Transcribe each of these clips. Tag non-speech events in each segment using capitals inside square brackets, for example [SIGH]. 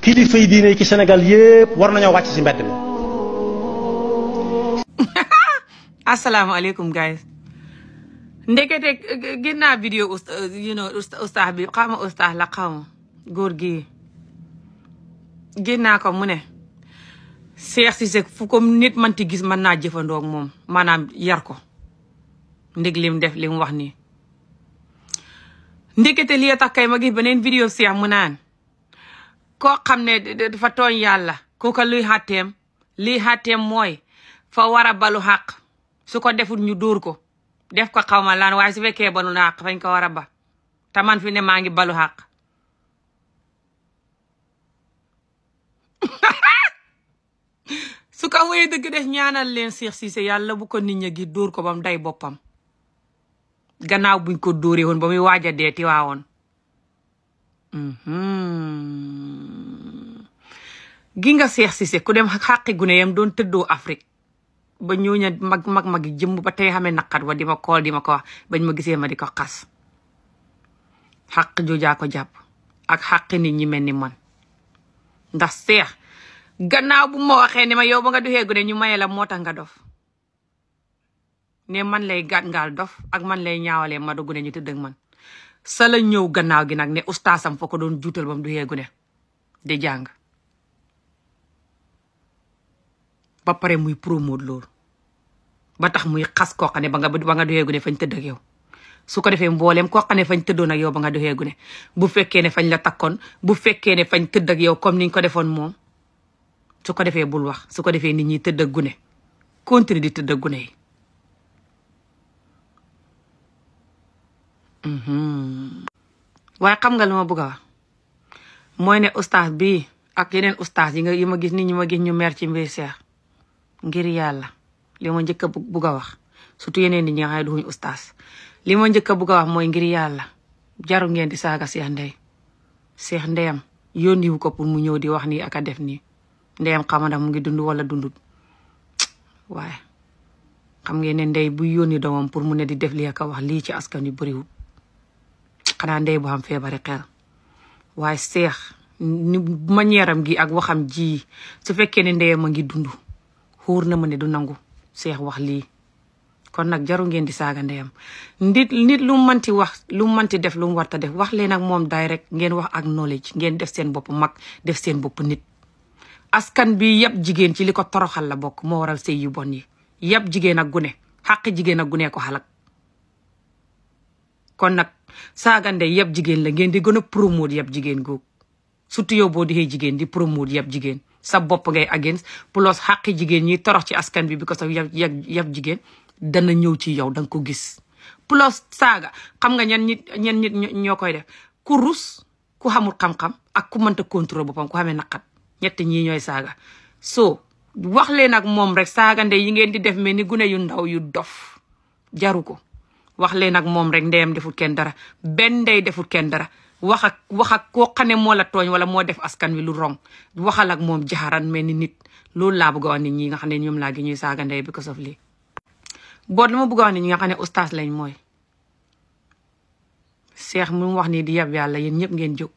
kilifa yi diine ci senegal yépp war nañoo wàcc si mbedd mi. [LAUGHS] asalaamaaleykum guys ndekete ginnaaw vidéo oustaz euh, you know oustaz bi xaw ma la xaw ma góor gi ginnaaw ko mu ne. Cheikh Cissé fu ko nit manti gis mën naa jëfandoo ak moom maanaam yar ko ndeg lim def lim wax nii. ndekete li tax kay ma gis beneen vidéo Cheikh mu naan. koo xam ne dafa tooñ yàlla kooka luy xàtteem liy xàtteem mooy fa war a balu xàq su ko deful ñu dóor ko def ko xaw ma laan waay su fekkee balu na xàq fañ ko war a ba te man fi ne maa ngi balu xàq [LAUGHS] su ko wéyee dëgg def ñaanal leen Cheikh Cissé yàlla bu ko nit ñi gi dóor ko ba mu day boppam gannaaw buñ ko dóoree woon ba muy waaj a dee ti waawoon. Mm-hmm. gii nga seex Cissé ku dem xàqi gune yam doon tëddoo Afrique ba ñooña mag mag mag jëmm ba tey xamee naqat wa di ma kool di ko wax bañ ma gisee ma di ko xas xàq joojaa ko jàpp ak xàq ni ñi mel ni man ndax seex gannaaw bu ma waxee ne ma yow ba nga doxee gune ñu maye la moo tax nga dof ne man lay gàtt ngaal dof ak man lay ñaawalee ma do gune ñu tëdd ak man sala la ñëw gannaaw gi nag ne ustaasam foo ko doon juutal ba mu doxee gune di jàng ba pare muy promote lool ba tax muy xas koo xam ne ba nga ba nga doxeegu ne fañ tëddak ak yow su ko defee mbooleem koo xam fañ tëddoonak ak yow ba nga doxeegu ne bu fekkee ne fañ la takkoon bu fekkee ne fañ tëdd ak yow comme niñ ko defoon moom su ko defee bul wax su ko defee nit ñi tëdd ak gune tëdd ak waaye xam nga lu ma mooy ne ustaas bi ak yeneen ustaas yi nga yi ma gis nit ñi ma gis ñu mer ci mbir seex ngir yàlla lima ma njëkk a bugg a wax sutu yeneen di ñi nga xam ne duñu ustaas li ma njëkk bugg a wax mooy ngir yàlla jaru ngeen di saaga seex ndey seex ndeyam yónniwu ko pour mu ñëw di wax nii ak a def nii ndeyam xamana mu ngi dund wala dund waaye xam ngeen ne ndey bu yónni doomam pour mu ne di def li ak a wax lii ci askan wi bëriwul xanaa ndey bu xam feebari xel waaye seex ni manière gi ak waxam ji su fekkee ne ndeyam a ngi dund wóor na ma ne du nangu seex wax lii kon nag jaru ngeen di saaga ndeyam nit nit lu manti wax lu manti def lu mu def wax leen ak moom daay rek ngeen wax ak knowledge ngeen def seen bopp mag def seen bopp nit askan bi yëpp jigéen ci li ko toroxal la bokk moo waral sëy bon yi yëpp jigéen ak gune xàq jigéen a gune ko xalak kon nag saaga ndey yëpp jigéen la ngeen di gën a promote yëpp jigéen googu surtout yow boo dee jigéen di promote yëpp jigéen sa bopp ngay against plus xàqi jigéen ñi torox ci askan bi because of yab yab jigéen dana ñëw ci yow danga ko gis plus saaga xam nga ñen nit ñen ñoo koy def ku rus ku xamul xam-xam ak ku mënta contrôle boppam ku xamee naqat ñett ñii ñooy saaga so wax leen ak moom rek saaga ndey yi ngeen di def mel ni gune yu ndaw yu dof jaru ko wax leen ak moom rek ndeyam deful kenn dara benn ndey deful kenn dara wax ak wax ak koo xam ne moo la tooñ wala moo def askan wi lu rong waxal ak moom jaxaran mel ni nit loolu laa bëgg a wax nit ñi nga xam ne ñoom laa gi ñuy saaga ndey bi ko sof lii boot lu ma bëgg a wax nit ñi nga xam ne ustaas lañ mooy seex mu wax ni di yab yàlla yéen ñëpp ngeen jóg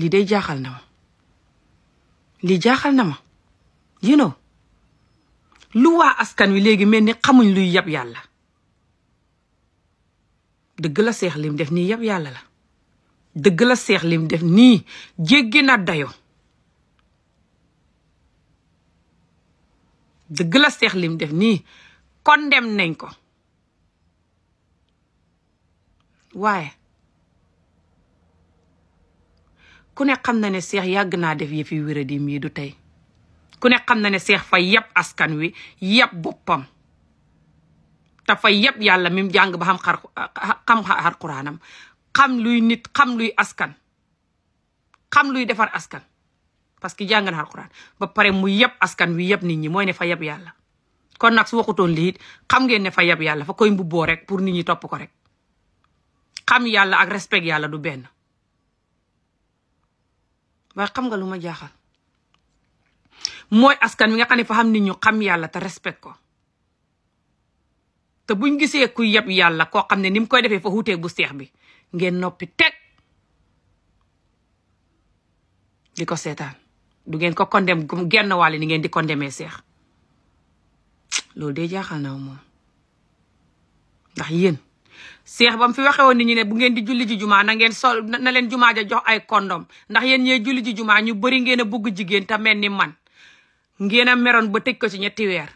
lii day jaaxal na ma lii jaaxal na ma you lu waa askan wi léegi mel ni xamuñ luy yab yàlla dëgg la seex lim def nii yab yàlla la dëgg la seex lim def nii jéggi na dayo dëgg la seex lim def nii condamné nañ ko waaye ku ne xam na ne seex yàgg naa def yëf yi wéradi mii du tey ku ne xam na ne seex fa yab askan wi yab boppam dafa yëpp yàlla mim jàng ba xam xar xam xam luy nit xam luy askan xam luy defar askan parce que jàng na alxuraan ba pare mu yeb askan wi yeb nit ñi mooy ne fa yeb yàlla kon nag su waxutoon lii xam ngeen ne fa yeb yàlla foo koy mbubboo rek pour nit ñi topp ko rek xam yàlla ak respect yàlla du benn waaye xam nga lu ma jaaxal mooy askan wi nga xam ne fa xam nit ñu xam yàlla te respect ko te buñ gisee ku yeb yàlla koo xam ne ni mu koy defee fa wuuteeg bu seex bi ngeen noppi teg di ko seetaan du ngeen ko condamné genn wàll ni ngeen di condamné seex loolu de jaaxal na moom ndax yéen seex ba mu fi waxee woon ñi ne bu ngeen di julli ji jumaa na ngeen sol na leen jumaa ja jox ay kondom ndax yéen ñee julli ji jumaa ñu bari ngeen a bugg jigéen te mel ni man ngeen a meroon ba teg ko ci ñetti weer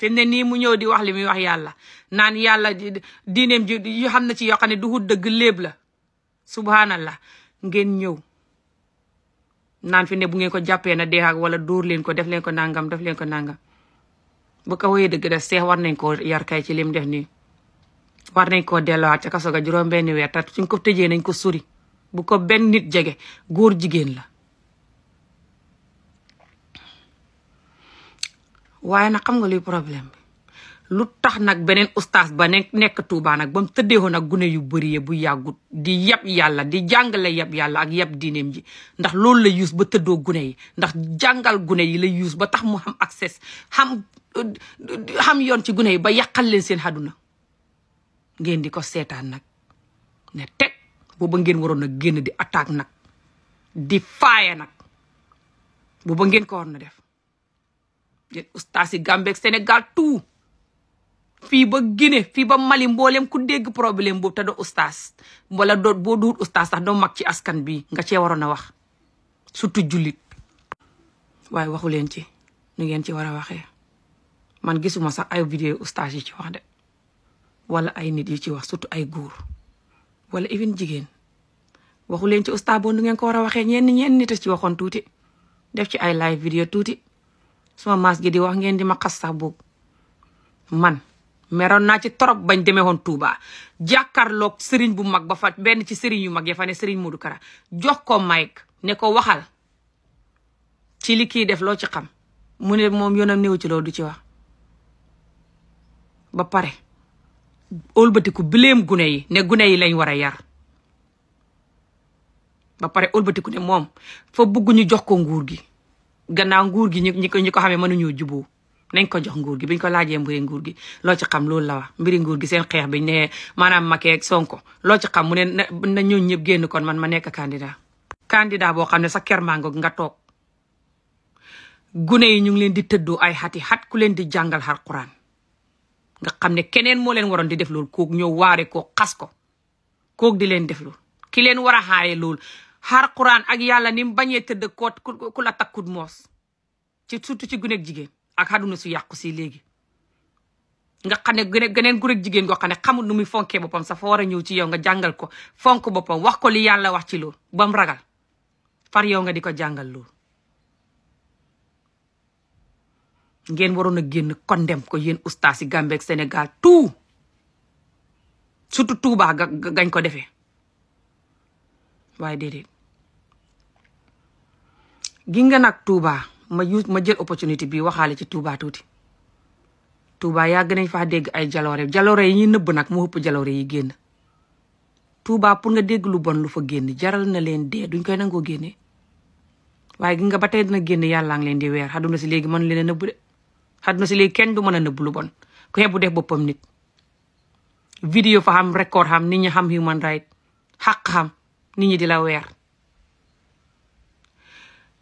te ne nii mu ñëw di wax li muy wax yàlla naan yàlla diineem ji yu xam na ci yoo xam ne duhut dëgg léeb la subhanallah ngeen ñëw naan fi ne bu ngeen ko jàppee na dee ak wala dóor leen ko def leen ko nangam def leen ko nangam bu ko wéyee dëgg def seex war nañ koo yar kay ci lim def nii war nañ koo delluwaat ca kaso ga juróom benn weer tat suñ ko sori bu ko benn nit jege góor jigéen la waaye nag xam nga luy problème lu tax nag beneen ustaas ba ne nekk Touba nag ba mu tëddeewoon nag gune yu bëri bu yàggut di yab yàlla di jàngale yab yàlla ak yab dinem ji ndax loolu la yuus ba tëddoo gune yi ndax jàngal gune yi la yuus ba tax mu xam accès xam xam yoon ci gune yi ba yàqal leen seen àdduna ngeen di ko seetaan nag ne teg booba ngeen waroon a génn di attaque nag di faaya nag booba ngeen ko war na def ustaas yi Gambie ak Sénégal tout fii ba Guinée fii ba Mali mboolem ku dégg problème boobu te doo ustaas wala doo boo duur ustaas sax doo mag ci askan bi nga cee waroon a wax surtout jullit waaye waxu leen ci nu ngeen ci war a waxee man gisuma sax ay vidéo ustaas yi ci wax de wala ay nit yu ci wax surtout ay góor wala even jigéen waxu leen ci ustaas boo nu ngeen ko war a waxee ñenn ñenn nit a ci waxoon tuuti def ci ay lay vidéo tuuti suma maas gi di wax ngeen di ma xas sax boog man meroon naa ci torop bañ demee woon Touba jàkkaarloog sëriñ bu mag ba fa benn ci sëriñ yu mag ya fa ne sëriñ Modou Kara jox ko Mike ne ko waxal ci li kii def loo ci xam mu ne moom yoonam néew ci loolu du ci wax ba pare ëlbatiku bileem gune yi ne gune yi lañ war a yar ba pare ëlbatiku ne moom fa bëgg ñu jox ko nguur gi gannaaw nguur gi ñu ñi ko ñi ko xamee mënuñu juboo nañ ko jox nguur gi biñ ko laajee mbiri nguur gi loo ci xam loolu la wax mbiri nguur gi seen xeex biñ ne maanaam Macky ak Sonko loo ci xam mu ne na ñooñu ñëpp génn kon man ma nekk candidat candidat boo xam ne sa kermangoog nga toog gune yi ñu ngi leen di tëddoo ay xati xat ku leen di jàngal xar quran nga xam ne keneen moo leen waroon di def loolu kook ñëw waare ko xas ko kook di leen def loolu ki leen war a xar quran ak yàlla ni mu bañee tëdd koot ku la takkut moos ci surtout ci guneeg jigéen ak àdduna su yàqu si léegi nga xam ne gën geneen gureeg jigéen goo xam ne xamul nu muy fonkee boppam sa fa war a ñëw ci yow nga jàngal ko fonk boppam wax ko li yàlla wax ci loolu ba mu ragal far yow nga di ko jàngal loolu ngeen waroon a génn condem ko yéen ustaas yi Gambie ak Sénégal tout surtout Touba gañ ko defee waaye déedéet gi nga nag Touba ma yu ma jël opportunité bi waxaale ci Touba tuuti Touba yàgg nañ faa dégg ay jaloore jaloore yi ñuy nëbb nag moo ëpp jaloore yi génn Touba pour nga dégg lu bon lu fa génn jaral na leen dee duñ koy nangoo génne waaye gi nga ba tey dina génn yàllaa ngi leen di weer xaduna si léegi man leen a nëbb de na si léegi kenn du mën a nëbb lu bon ku xeeb bu def boppam nit vidéo fa xam record xam ni ñi xam human right xaq xam nit ñi di la weer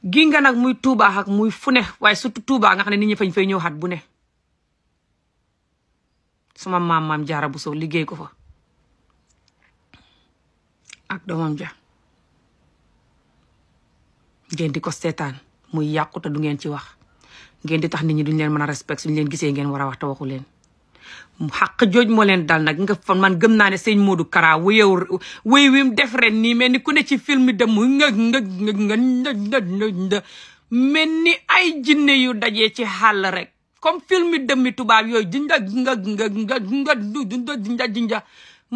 gi nga nag muy tuubaax ak muy fune waaye surtout tuubaa nga xam ne ni ñi fañ fay ñëw xat bu ne suma maam maam jaara bu soo liggéey ko fa ak doomam ja ngeen di ko seetaan muy yàqu te du ngeen ci wax ngeen di tax ni ñi duñ leen mën a respect suñ leen gisee ngeen war a wax te waxu leen xaq jooj moo leen dal nag nga fan man gëm naa ne sëñ Modou Kara wéyew wéy wi mu def ren nii mel ni ku ne ci film dem nga nga nga nga mel ni ay jinne yu dajee ci xàll rek comme film dëmmi tubaab yooyu jinja nga nga nga nga jinja jinja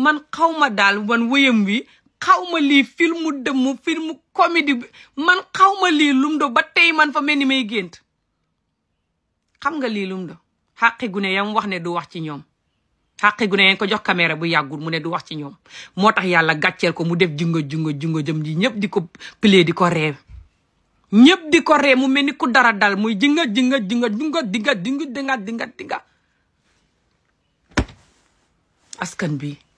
man xaw ma daal man wéyam wi xaw ma lii filmu dëmm filmu comédie bi man xaw ma lii lum do ba tey man fa mel ni may gént xam nga lii lum do xàqi gune yam wax ne du wax ci ñoom xàqi gune yam ko jox caméra bu yàggul mu ne du wax ci ñoom moo tax yàlla gàcceel ko mu def jungo jungo jungo jëm ji ñëpp di ko plé di ko reew ñëpp di ko ree mu mel ni ku dara dal muy jinga jinga jinga junga dinga dinga dinga dinga dinga askan bi